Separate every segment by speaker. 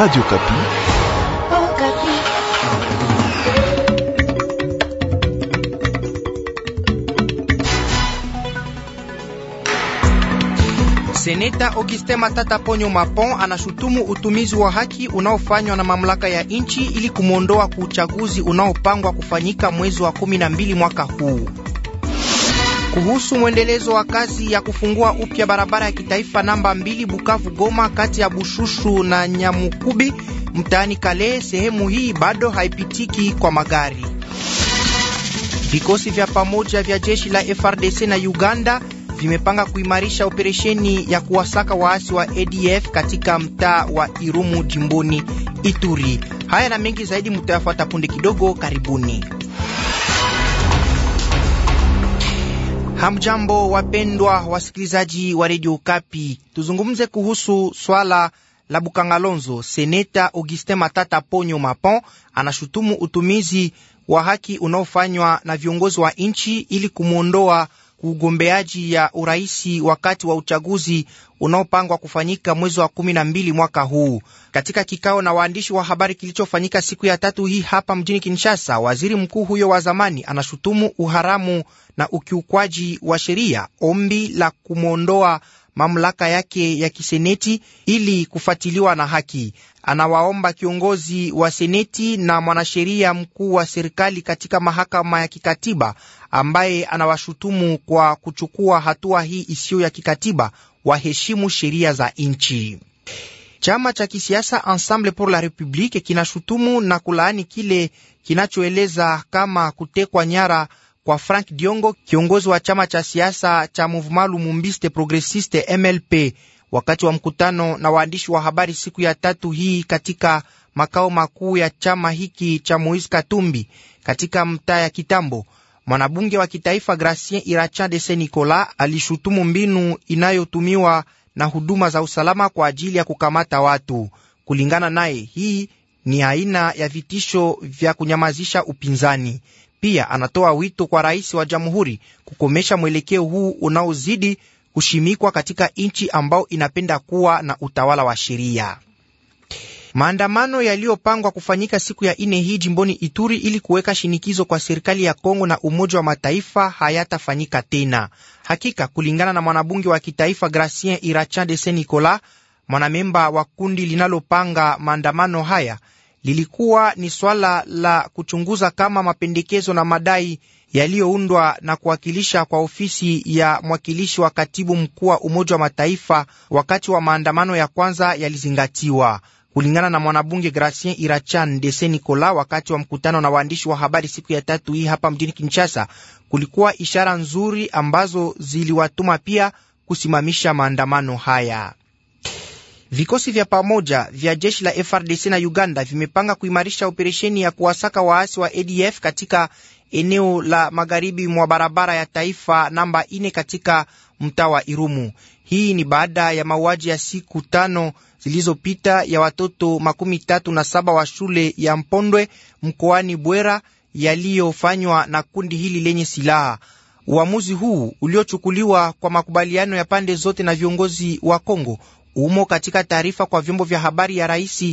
Speaker 1: Radio Kapi.
Speaker 2: Oh, Kapi.
Speaker 3: Seneta Auguste Matata Ponyo Mapon anashutumu utumizi wa haki unaofanywa na mamlaka ya nchi ili kumwondoa kuuchaguzi unaopangwa kufanyika mwezi wa 12 mwaka huu kuhusu mwendelezo wa kazi ya kufungua upya barabara ya kitaifa namba mbili Bukavu Goma, kati ya Bushushu na Nyamukubi mtaani Kale. Sehemu hii bado haipitiki kwa magari. Vikosi vya pamoja vya jeshi la FRDC na Uganda vimepanga kuimarisha operesheni ya kuwasaka waasi wa ADF katika mtaa wa Irumu jimboni Ituri. Haya na mengi zaidi mutayafuata punde kidogo. Karibuni. Hamjambo, wapendwa wasikilizaji wa redio Kapi. Tuzungumze kuhusu swala la Bukangalonzo. Seneta Augustin Matata Ponyo Mapon anashutumu utumizi wa haki unaofanywa na viongozi wa nchi ili kumwondoa ugombeaji ya uraisi wakati wa uchaguzi unaopangwa kufanyika mwezi wa kumi na mbili mwaka huu. Katika kikao na waandishi wa habari kilichofanyika siku ya tatu hii hapa mjini Kinshasa, waziri mkuu huyo wa zamani anashutumu uharamu na ukiukwaji wa sheria, ombi la kumwondoa mamlaka yake ya kiseneti ili kufuatiliwa na haki. Anawaomba kiongozi wa seneti na mwanasheria mkuu wa serikali katika mahakama ya kikatiba ambaye anawashutumu kwa kuchukua hatua hii isiyo ya kikatiba waheshimu sheria za nchi. Chama cha kisiasa Ensemble pour la Republique kinashutumu na kulaani kile kinachoeleza kama kutekwa nyara kwa Frank Diongo, kiongozi wa chama cha siasa cha Mouvement Lumumbiste Progressiste MLP, wakati wa mkutano na waandishi wa habari siku ya tatu hii katika makao makuu ya chama hiki cha Moise Katumbi katika mtaa ya Kitambo. Mwanabunge wa kitaifa Gracien Iracha de Saint Nicolas alishutumu mbinu inayotumiwa na huduma za usalama kwa ajili ya kukamata watu. Kulingana naye, hii ni aina ya vitisho vya kunyamazisha upinzani. Pia anatoa wito kwa rais wa jamhuri kukomesha mwelekeo huu unaozidi kushimikwa katika nchi ambao inapenda kuwa na utawala wa sheria. Maandamano yaliyopangwa kufanyika siku ya ine hii jimboni Ituri ili kuweka shinikizo kwa serikali ya Kongo na Umoja wa Mataifa hayatafanyika tena. Hakika kulingana na mwanabunge wa kitaifa Gracien irachan de Saint Nicolas, mwanamemba wa kundi linalopanga maandamano haya, lilikuwa ni swala la kuchunguza kama mapendekezo na madai yaliyoundwa na kuwakilisha kwa ofisi ya mwakilishi wa katibu mkuu wa Umoja wa Mataifa wakati wa maandamano ya kwanza yalizingatiwa kulingana na mwanabunge Gracien Irachan Dese Nicola wakati wa mkutano na waandishi wa habari siku ya tatu hii hapa mjini Kinshasa, kulikuwa ishara nzuri ambazo ziliwatuma pia kusimamisha maandamano haya. Vikosi vya pamoja vya jeshi la FRDC na Uganda vimepanga kuimarisha operesheni ya kuwasaka waasi wa ADF katika eneo la magharibi mwa barabara ya taifa namba 4 katika mtaa wa Irumu. Hii ni baada ya mauaji ya siku tano zilizopita ya watoto makumi tatu na saba wa shule ya Mpondwe mkoani Bwera yaliyofanywa na kundi hili lenye silaha. Uamuzi huu uliochukuliwa kwa makubaliano ya pande zote na viongozi wa Kongo umo katika taarifa kwa vyombo vya habari ya rais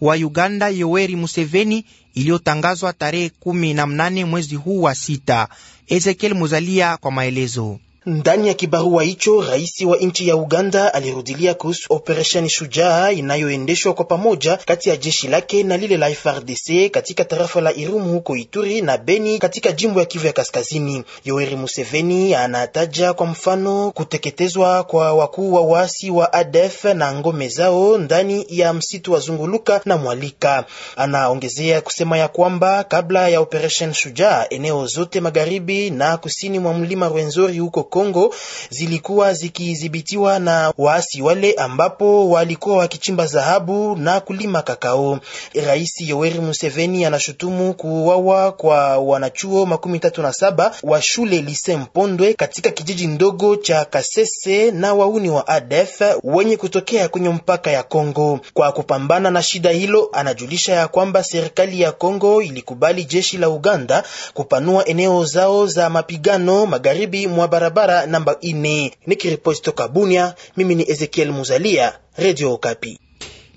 Speaker 3: wa Uganda Yoweri Museveni iliyotangazwa tarehe kumi na mnane mwezi huu wa sita. Ezekiel Muzalia kwa maelezo. Ndani
Speaker 1: ya kibarua hicho, rais wa nchi ya Uganda alirudilia kuhusu operesheni Shujaa inayoendeshwa kwa pamoja kati ya jeshi lake na lile la FRDC katika tarafa la Irumu huko Ituri na Beni katika jimbo ya Kivu ya Kaskazini. Yoweri Museveni anataja kwa mfano kuteketezwa kwa wakuu wa waasi wa ADF na ngome zao ndani ya msitu wa Zunguluka na Mwalika. Anaongezea kusema ya kwamba kabla ya operesheni Shujaa, eneo zote magharibi na kusini mwa mlima Rwenzori huko Kongo zilikuwa zikidhibitiwa na waasi wale, ambapo walikuwa wakichimba dhahabu na kulima kakao. Rais Yoweri Museveni anashutumu kuuawa kwa wanachuo makumi tatu na saba wa shule Lise Mpondwe katika kijiji ndogo cha Kasese na wauni wa ADF wenye kutokea kwenye mpaka ya Kongo. Kwa kupambana na shida hilo, anajulisha ya kwamba serikali ya Kongo ilikubali jeshi la Uganda kupanua eneo zao za mapigano magharibi mwa barabara barabara namba
Speaker 3: ine. Nikiripoti toka Bunia, mimi ni Ezekiel Muzalia, Radio Okapi.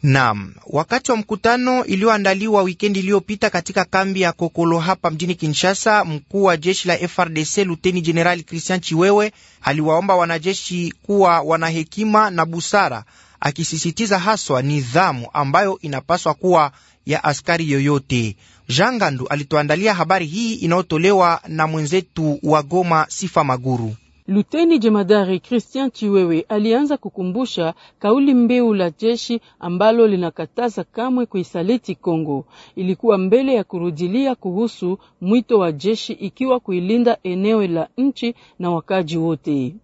Speaker 3: Nam, wakati wa mkutano iliyoandaliwa wikendi iliyopita katika kambi ya Kokolo hapa mjini Kinshasa, mkuu wa jeshi la FRDC Luteni Jenerali Christian Chiwewe aliwaomba wanajeshi kuwa wana hekima na busara, akisisitiza haswa nidhamu ambayo inapaswa kuwa ya askari yoyote. jean Gandu alituandalia habari hii inayotolewa na mwenzetu wa Goma Sifa Maguru.
Speaker 4: Luteni jemadari Christian Chiwewe alianza kukumbusha kauli mbiu la jeshi ambalo linakataza kamwe kuisaliti Kongo. Ilikuwa mbele ya kurudilia kuhusu mwito wa jeshi ikiwa kuilinda eneo la nchi na wakaji wote.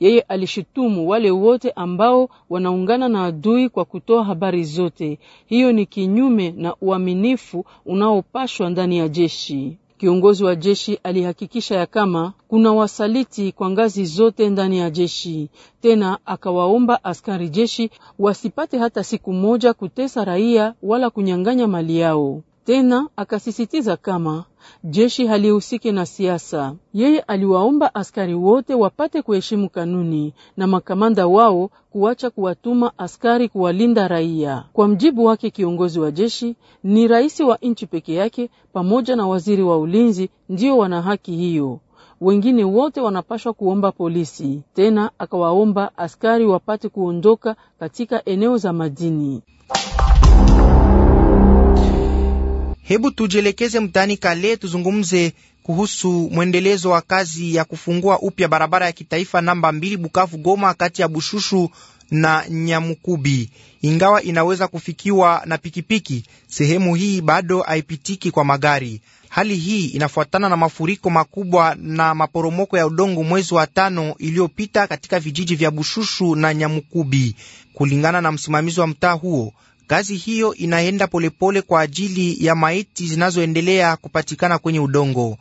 Speaker 4: Yeye alishutumu wale wote ambao wanaungana na adui kwa kutoa habari zote. Hiyo ni kinyume na uaminifu unaopashwa ndani ya jeshi. Kiongozi wa jeshi alihakikisha ya kama kuna wasaliti kwa ngazi zote ndani ya jeshi. Tena akawaomba askari jeshi wasipate hata siku moja kutesa raia wala kunyang'anya mali yao. Tena akasisitiza kama jeshi halihusiki na siasa. Yeye aliwaomba askari wote wapate kuheshimu kanuni na makamanda wao kuacha kuwatuma askari kuwalinda raia. Kwa mjibu wake, kiongozi wa jeshi ni rais wa nchi peke yake pamoja na waziri wa ulinzi ndio wana haki hiyo. Wengine wote wanapashwa kuomba polisi. Tena akawaomba askari wapate kuondoka katika eneo za madini. Hebu tujielekeze mtaani Kale,
Speaker 3: tuzungumze kuhusu mwendelezo wa kazi ya kufungua upya barabara ya kitaifa namba mbili Bukavu Goma, kati ya Bushushu na Nyamukubi. Ingawa inaweza kufikiwa na pikipiki, sehemu hii bado haipitiki kwa magari. Hali hii inafuatana na mafuriko makubwa na maporomoko ya udongo mwezi wa tano iliyopita katika vijiji vya Bushushu na Nyamukubi, kulingana na msimamizi wa mtaa huo. Kazi hiyo inaenda polepole kwa ajili ya maiti zinazoendelea kupatikana kwenye udongo.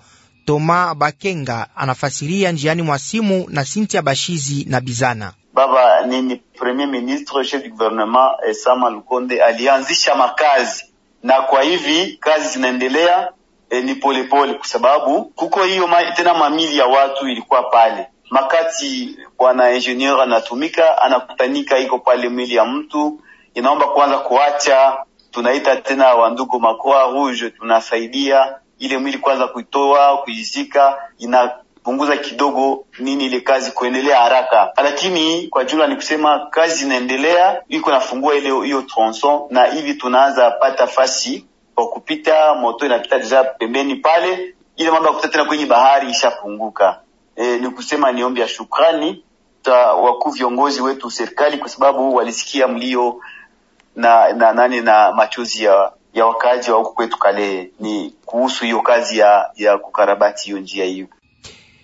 Speaker 3: Toma Bakenga anafasiria njiani mwa simu na Sintia Bashizi na Bizana.
Speaker 5: Baba nini premier ministre chef du gouvernement Sama Lukonde alianzisha makazi na kwa hivi kazi zinaendelea e, ni polepole kwa sababu kuko hiyo ma, tena mamili ya watu ilikuwa pale makati. Bwana ingenieur anatumika anakutanika iko pale mwili ya mtu inaomba kwanza kuacha, tunaita tena wandugu makoa rouge, tunasaidia ile mwili kwanza kuitoa kuizika, inapunguza kidogo nini ile kazi kuendelea haraka, lakini kwa jumla ni kusema kazi inaendelea, iko nafungua ile hiyo tronson, na hivi tunaanza pata fasi kwa kupita, moto inapita deja pembeni pale, ile mambo ya kupita tena kwenye bahari ishapunguka. E, ni kusema ni ombi ya shukrani wakuu viongozi wetu serikali, kwa sababu walisikia mlio na na nani na machozi ya ya wakaaji wa huku kwetu kale ni kuhusu hiyo kazi ya ya kukarabati hiyo njia hiyo.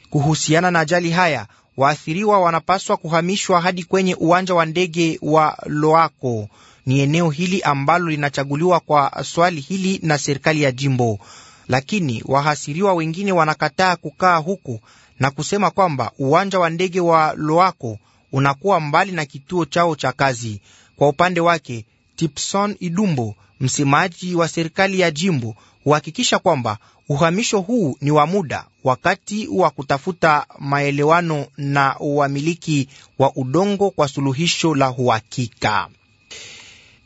Speaker 3: Kuhusiana na ajali haya, waathiriwa wanapaswa kuhamishwa hadi kwenye uwanja wa ndege wa Loako. Ni eneo hili ambalo linachaguliwa kwa swali hili na serikali ya jimbo, lakini wahasiriwa wengine wanakataa kukaa huku na kusema kwamba uwanja wa ndege wa Loako unakuwa mbali na kituo chao cha kazi. Kwa upande wake Tipson Idumbo, msemaji wa serikali ya jimbo, huhakikisha kwamba uhamisho huu ni wa muda, wakati wa kutafuta maelewano na wamiliki wa udongo kwa suluhisho la uhakika.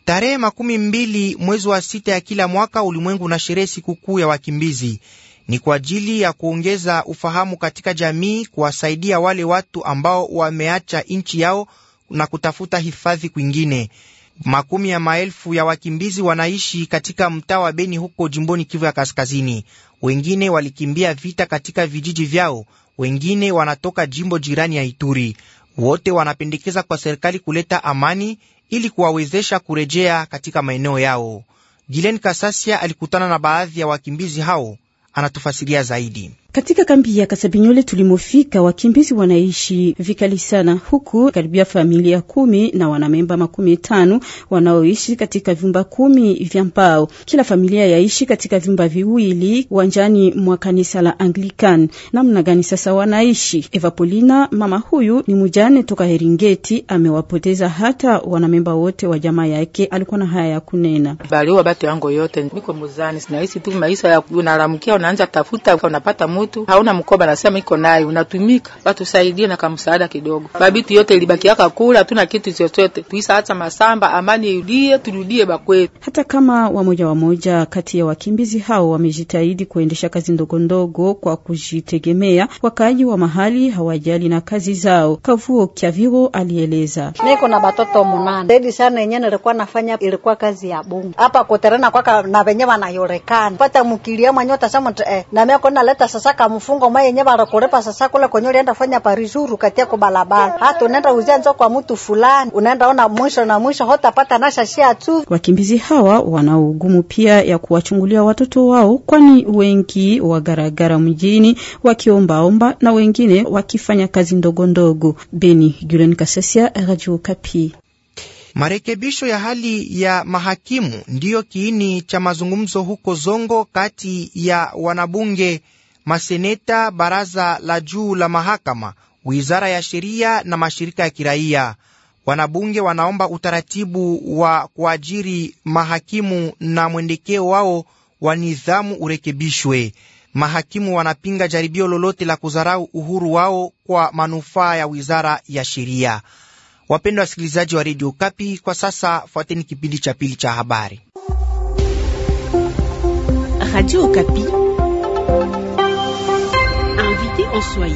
Speaker 3: Tarehe makumi mbili mwezi wa sita ya kila mwaka, ulimwengu na sherehe sikukuu ya wakimbizi. Ni kwa ajili ya kuongeza ufahamu katika jamii, kuwasaidia wale watu ambao wameacha nchi yao na kutafuta hifadhi kwingine. Makumi ya maelfu ya wakimbizi wanaishi katika mtaa wa Beni huko jimboni Kivu ya Kaskazini. Wengine walikimbia vita katika vijiji vyao, wengine wanatoka jimbo jirani ya Ituri. Wote wanapendekeza kwa serikali kuleta amani ili kuwawezesha kurejea katika maeneo yao. Gilen Kasasia alikutana na baadhi ya wakimbizi hao, anatufasiria zaidi.
Speaker 2: Katika kambi ya Kasabinyole tulimofika, wakimbizi wanaishi vikali sana, huku karibia familia kumi na wanamemba makumi tano wanaoishi katika vyumba kumi vya mbao. Kila familia yaishi katika vyumba viwili uwanjani mwa kanisa la Anglican. Namna gani sasa wanaishi? evapolina mama huyu ni mujane toka Heringeti, amewapoteza hata wanamemba wote wa jamaa yake. Alikuwa na
Speaker 4: haya ya kunena: baliwa batu yango yote, niko muzani, sinahisi tu maisha ya unaanza tafuta unapata mu mutu hauna mkoba, nasema iko naye, unatumika, watusaidie na kamsaada kidogo. Babitu yote ilibakiaka kula, hatuna kitu chochote, tuisa hata masamba. Amani irudie, turudie bakwetu.
Speaker 2: Hata kama wamoja wamoja kati ya wakimbizi hao wamejitahidi kuendesha kazi ndogondogo kwa kujitegemea, wakaaji wa mahali hawajali na kazi zao. Kavuo Kyaviro alieleza, niko na batoto munane zaidi sana, yenye nilikuwa nafanya ilikuwa kazi ya bungu hapa kuterena kwaka na venye wanayorekana pata mkilia mwanyo tasema eh, na mimi naleta sasa taka mfungo maye nye barakorepa sasa kula kwenye ulienda fanya parizuru katia kwa barabara hata unaenda uzia nzo kwa mtu fulani unaenda ona mwisho na mwisho hotapata na shia tu. Wakimbizi hawa wana ugumu pia ya kuwachungulia watoto wao, kwani wengi wagaragara mjini wakiombaomba na wengine wakifanya kazi ndogondogo. Beni Gulen Kasasia, Radio Kapi.
Speaker 3: Marekebisho ya hali ya mahakimu ndiyo kiini cha mazungumzo huko Zongo kati ya wanabunge maseneta, baraza la juu la mahakama, wizara ya sheria na mashirika ya kiraia. Wanabunge wanaomba utaratibu wa kuajiri mahakimu na mwendekeo wao wa nidhamu urekebishwe. Mahakimu wanapinga jaribio lolote la kudharau uhuru wao kwa manufaa ya wizara ya sheria. Wapendwa wasikilizaji wa redio Kapi, kwa sasa fuateni kipindi cha pili cha habari Radio Kapi en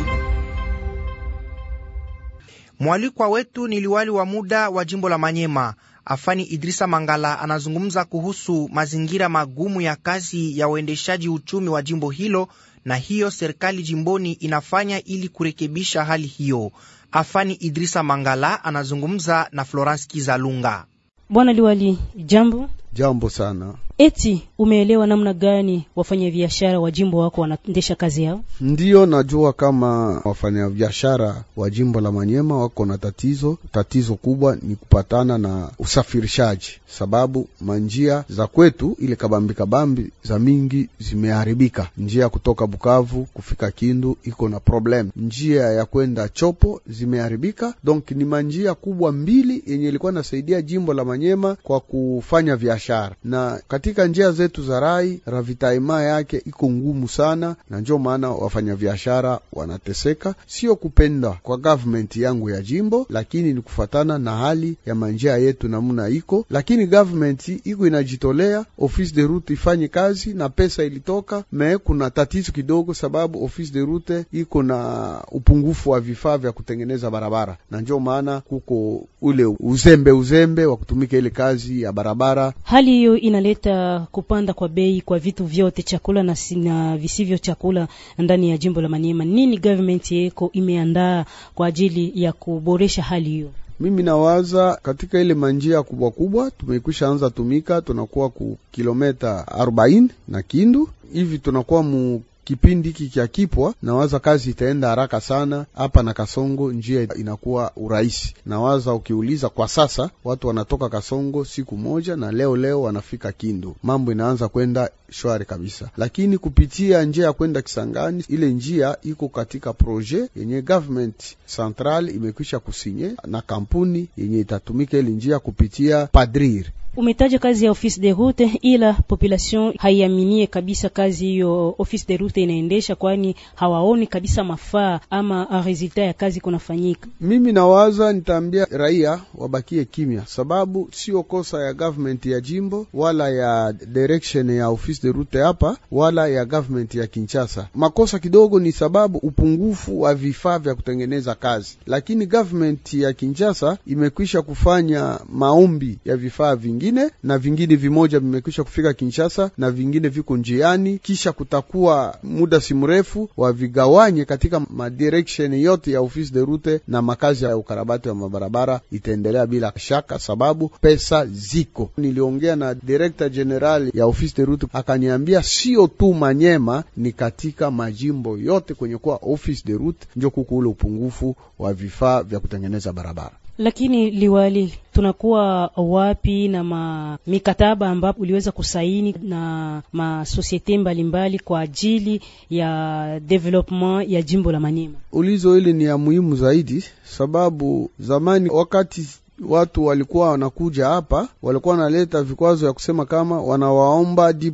Speaker 3: Mwalikwa wetu ni liwali wa muda wa jimbo la Manyema, Afani Idrisa Mangala, anazungumza kuhusu mazingira magumu ya kazi ya uendeshaji uchumi wa jimbo hilo na hiyo serikali jimboni inafanya ili kurekebisha hali hiyo. Afani Idrisa Mangala anazungumza na Florence Kizalunga.
Speaker 6: Bwana liwali,
Speaker 7: jambo. Jambo sana.
Speaker 6: Eti umeelewa namna gani wafanyabiashara wa jimbo wako wanaendesha kazi yao?
Speaker 7: Ndiyo, najua kama wafanyabiashara wa jimbo la Manyema wako na tatizo. Tatizo kubwa ni kupatana na usafirishaji, sababu manjia za kwetu ile kabambi kabambi za mingi zimeharibika. Njia ya kutoka Bukavu kufika Kindu iko na problem, njia ya kwenda Chopo zimeharibika. Donc ni manjia kubwa mbili yenye ilikuwa inasaidia jimbo la Manyema kwa kufanya biashara biashara, na katika njia zetu za rai ravitaima yake iko ngumu sana, na ndio maana wafanyabiashara wanateseka. Sio kupenda kwa government yangu ya jimbo, lakini ni kufatana na hali ya manjia yetu namuna iko, lakini government iko inajitolea, office de route ifanye kazi na pesa ilitoka me, kuna tatizo kidogo sababu office de route iko na upungufu wa vifaa vya kutengeneza barabara, na ndio maana kuko ule uzembe uzembe wa kutumika ile kazi ya barabara.
Speaker 6: Hali hiyo inaleta kupanda kwa bei kwa vitu vyote, chakula na, sina visivyo chakula ndani ya jimbo la Maniema. Nini government yeko imeandaa kwa ajili ya kuboresha hali hiyo?
Speaker 7: Mimi nawaza katika ile manjia kubwa kubwa tumekwisha anza tumika, tunakuwa ku kilometa 40 na Kindu hivi tunakuwa mu Kipindi hiki kya kipwa nawaza kazi itaenda haraka sana hapa na Kasongo, njia inakuwa urahisi. Nawaza ukiuliza kwa sasa, watu wanatoka Kasongo siku moja na leo leo wanafika Kindu, mambo inaanza kwenda shwari kabisa. Lakini kupitia njia ya kwenda Kisangani, ile njia iko katika proje yenye government central imekwisha kusinye na kampuni yenye itatumika ile njia kupitia Padrir
Speaker 6: Umetaja kazi ya office de route, ila population haiaminie kabisa kazi hiyo office de route inaendesha, kwani hawaoni kabisa mafaa ama resulta ya kazi kunafanyika.
Speaker 7: Mimi nawaza nitaambia raia wabakie kimya, sababu sio kosa ya government ya jimbo wala ya direction ya office de route hapa wala ya government ya Kinshasa. Makosa kidogo ni sababu upungufu wa vifaa vya kutengeneza kazi, lakini government ya Kinshasa imekwisha kufanya maombi ya vifaa vingi vingine na vingine vimoja vimekwisha kufika Kinshasa na vingine viko njiani, kisha kutakuwa muda si mrefu wavigawanye katika madirection yote ya ofisi de route, na makazi ya ukarabati wa mabarabara itaendelea bila shaka, sababu pesa ziko. Niliongea na director general ya ofisi de route akaniambia, sio tu Manyema, ni katika majimbo yote kwenye kuwa ofisi de route ndio kuko ule upungufu wa vifaa vya kutengeneza barabara.
Speaker 6: Lakini liwali, tunakuwa wapi na ma mikataba ambapo uliweza kusaini na masosiete mbalimbali kwa ajili ya development ya jimbo la Maniema?
Speaker 7: Ulizo ile ni ya muhimu zaidi, sababu zamani wakati watu walikuwa wanakuja hapa, walikuwa wanaleta vikwazo ya kusema kama wanawaomba 10%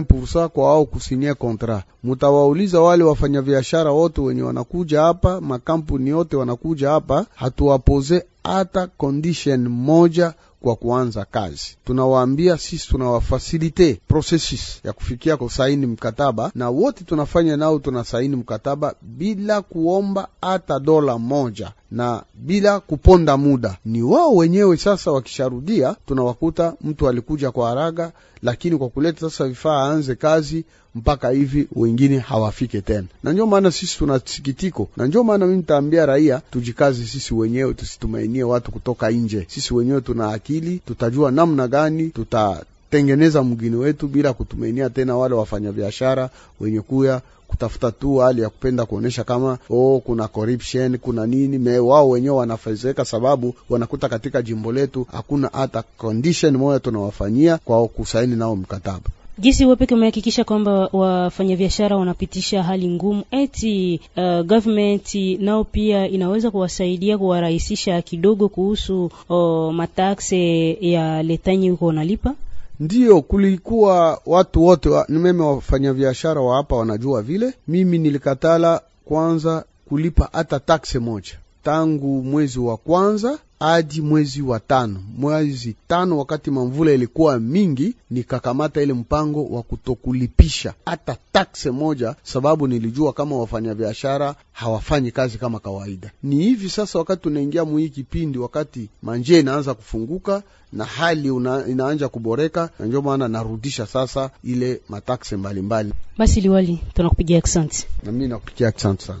Speaker 7: 20% kwa wao kusinia kontra. Mutawauliza wale wafanyabiashara wote wenye wanakuja hapa, makampuni yote wanakuja hapa, hatuwapoze hata condition moja kwa kuanza kazi. Tunawaambia sisi tunawafasilite processes ya kufikia kusaini mkataba, na wote tunafanya nao tunasaini mkataba bila kuomba hata dola moja na bila kuponda muda, ni wao wenyewe sasa. Wakisharudia tunawakuta mtu alikuja kwa haraga, lakini kwa kuleta sasa vifaa aanze kazi mpaka hivi wengine hawafike tena, na ndio maana sisi tuna sikitiko, na ndio maana mimi nitaambia raia tujikaze sisi wenyewe, tusitumainie watu kutoka nje. Sisi wenyewe tuna akili, tutajua namna gani tuta tengeneza mgini wetu bila kutumainia tena wale wafanyabiashara wenye kuya kutafuta tu hali ya kupenda kuonesha kama oh, kuna corruption kuna nini me, wao wenyewe wanafezeka, sababu wanakuta katika jimbo letu hakuna hata condition moja tunawafanyia kwa kusaini nao mkataba
Speaker 6: Jinsi wepeke umehakikisha kwamba wafanyabiashara wanapitisha hali ngumu, eti uh, government nao pia inaweza kuwasaidia kuwarahisisha kidogo kuhusu uh, oh, matakse ya letanyi huko
Speaker 7: wanalipa Ndiyo, kulikuwa watu wote wa, nimeme biashara wa hapa wanajua vile. Mimi nilikatala kwanza kulipa hata taksi moja tangu mwezi wa kwanza hadi mwezi wa tano. Mwezi tano, wakati mamvula ilikuwa mingi, nikakamata ile mpango wa kutokulipisha hata takse moja, sababu nilijua kama wafanyabiashara hawafanyi kazi kama kawaida. Ni hivi sasa, wakati tunaingia muhii kipindi, wakati manje inaanza kufunguka na hali una, inaanja kuboreka, na ndio maana narudisha sasa ile mataxe mbalimbali. Basi liwali, tunakupigia asante. Na mimi nakupigia asante sana.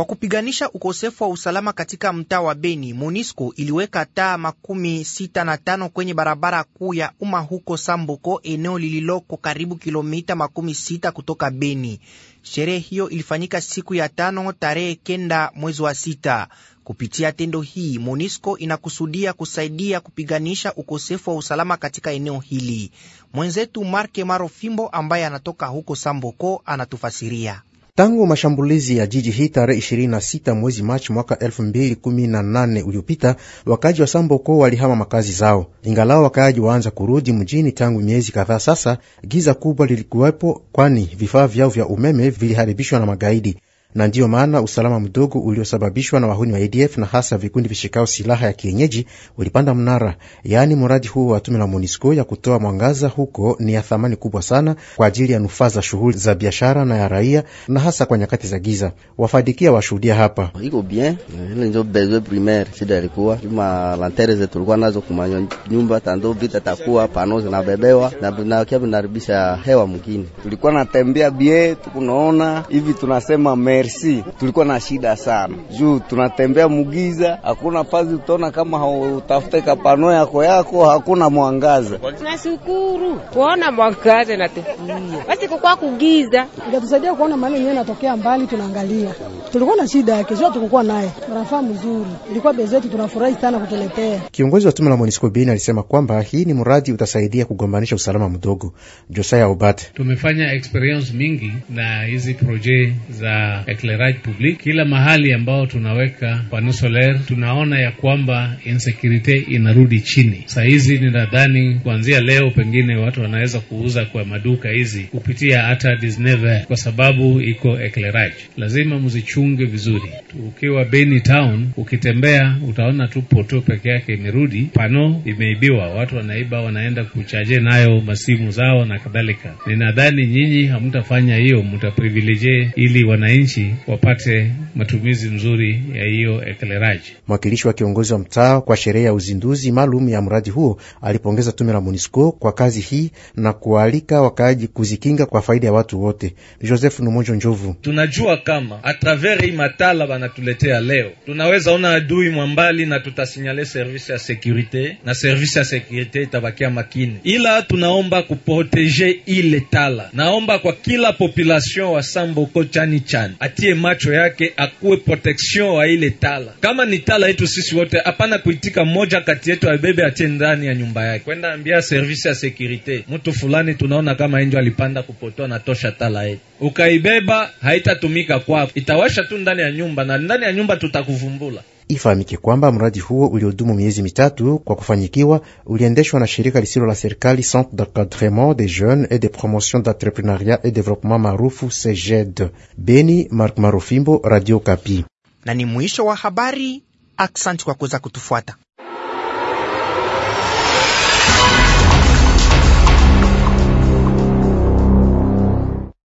Speaker 3: Kwa kupiganisha ukosefu wa usalama katika mtaa wa Beni, MONUSCO iliweka taa makumi sita na tano kwenye barabara kuu ya umma huko Sambuko, eneo lililoko karibu kilomita makumi sita kutoka Beni. Sherehe hiyo ilifanyika siku ya tano tarehe kenda mwezi wa sita. Kupitia tendo hii, MONUSCO inakusudia kusaidia kupiganisha ukosefu wa usalama katika eneo hili. Mwenzetu Marke Marofimbo ambaye anatoka huko Samboko
Speaker 8: anatufasiria. Tangu mashambulizi ya jiji hii tarehe 26 mwezi Machi mwaka 2018 uliopita, wakaaji wa Samboko walihama makazi zao, ingalao wakaaji waanza kurudi mjini tangu miezi kadhaa sasa. Giza kubwa lilikuwepo, kwani vifaa vyao vya umeme viliharibishwa na magaidi na ndiyo maana usalama mdogo uliosababishwa na wahuni wa ADF na hasa vikundi vishikao silaha ya kienyeji ulipanda mnara. Yaani, mradi huo wa tume la MONUSCO ya kutoa mwangaza huko ni ya thamani kubwa sana kwa ajili ya nufaa za shughuli za biashara na ya raia, na hasa kwa nyakati za giza. Wafadikia washuhudia hapa
Speaker 7: iko bien, ile ndio bezwe primaire. Shida ilikuwa juma lantere zetu tulikuwa nazo kumanywa nyumba tando vita takuwa
Speaker 8: pano zinabebewa na na vinaribisha hewa mwingine, tulikuwa natembea bie tukunaona hivi tunasema me merci, tulikuwa na shida sana juu tunatembea
Speaker 7: mugiza, hakuna pazi, utaona kama hautafute kapano yako yako, hakuna mwangaza.
Speaker 2: Tunashukuru kuona mwangaza natufuia, basi kukua kugiza
Speaker 6: ikatusaidia kuona maana yenyewe natokea mbali, tunaangalia. Tulikuwa na shida yake, sio tukukuwa naye marafaa mzuri, ilikuwa bezi yetu, tunafurahi sana kutuletea.
Speaker 8: Kiongozi wa tume la MONUSCO Beni alisema kwamba hii ni mradi utasaidia kugombanisha usalama mdogo. Josiah Obate: tumefanya experience mingi na hizi proje za eclairage public, kila mahali ambao tunaweka pano solar tunaona ya kwamba insecurity inarudi chini. Saa hizi ninadhani kuanzia leo pengine watu wanaweza kuuza kwa maduka hizi kupitia hata Disneyver kwa sababu iko eclairage. Lazima mzichunge vizuri. Ukiwa Beni Town ukitembea utaona tu poto peke yake imerudi, pano imeibiwa, watu wanaiba, wanaenda kuchaje nayo masimu zao na kadhalika. Ninadhani nyinyi hamtafanya hiyo, mtaprivilege ili wananchi wananchi wapate matumizi mzuri ya hiyo ekeleraji. Mwakilishi wa kiongozi wa mtaa kwa sherehe ya uzinduzi maalum ya mradi huo alipongeza tume la MONUSCO kwa kazi hii na kualika wakaaji kuzikinga kwa faida ya watu wote. Joseph Numonjo Njovu: tunajua kama atraver hii matala wanatuletea leo, tunaweza ona adui mwambali na tutasinyale service ya sekurite na service ya sekurite itabakia makini, ila tunaomba kuproteje ile tala. Naomba kwa kila population wa Samboko chani chani atie macho yake akuwe protection wa ile tala. Kama ni tala yetu sisi wote, hapana kuitika moja kati yetu abebe atie ndani ya nyumba yake, kwenda ambia service ya security, mtu fulani tunaona kama enjo alipanda kupotoa na tosha tala yetu,
Speaker 3: ukaibeba haitatumika kwako, itawasha tu ndani ya nyumba, na ndani ya nyumba tutakuvumbula.
Speaker 8: Ifahamike kwamba mradi huo uliodumu miezi mitatu kwa kufanyikiwa uliendeshwa na shirika lisilo la serikali Centre d'encadrement des jeunes et de promotion d'entrepreneuriat et développement maarufu CEGED. Beni, Mark Marofimbo, Radio Kapi.
Speaker 3: Na ni mwisho wa habari. Aksanti kwa kuweza kutufuata.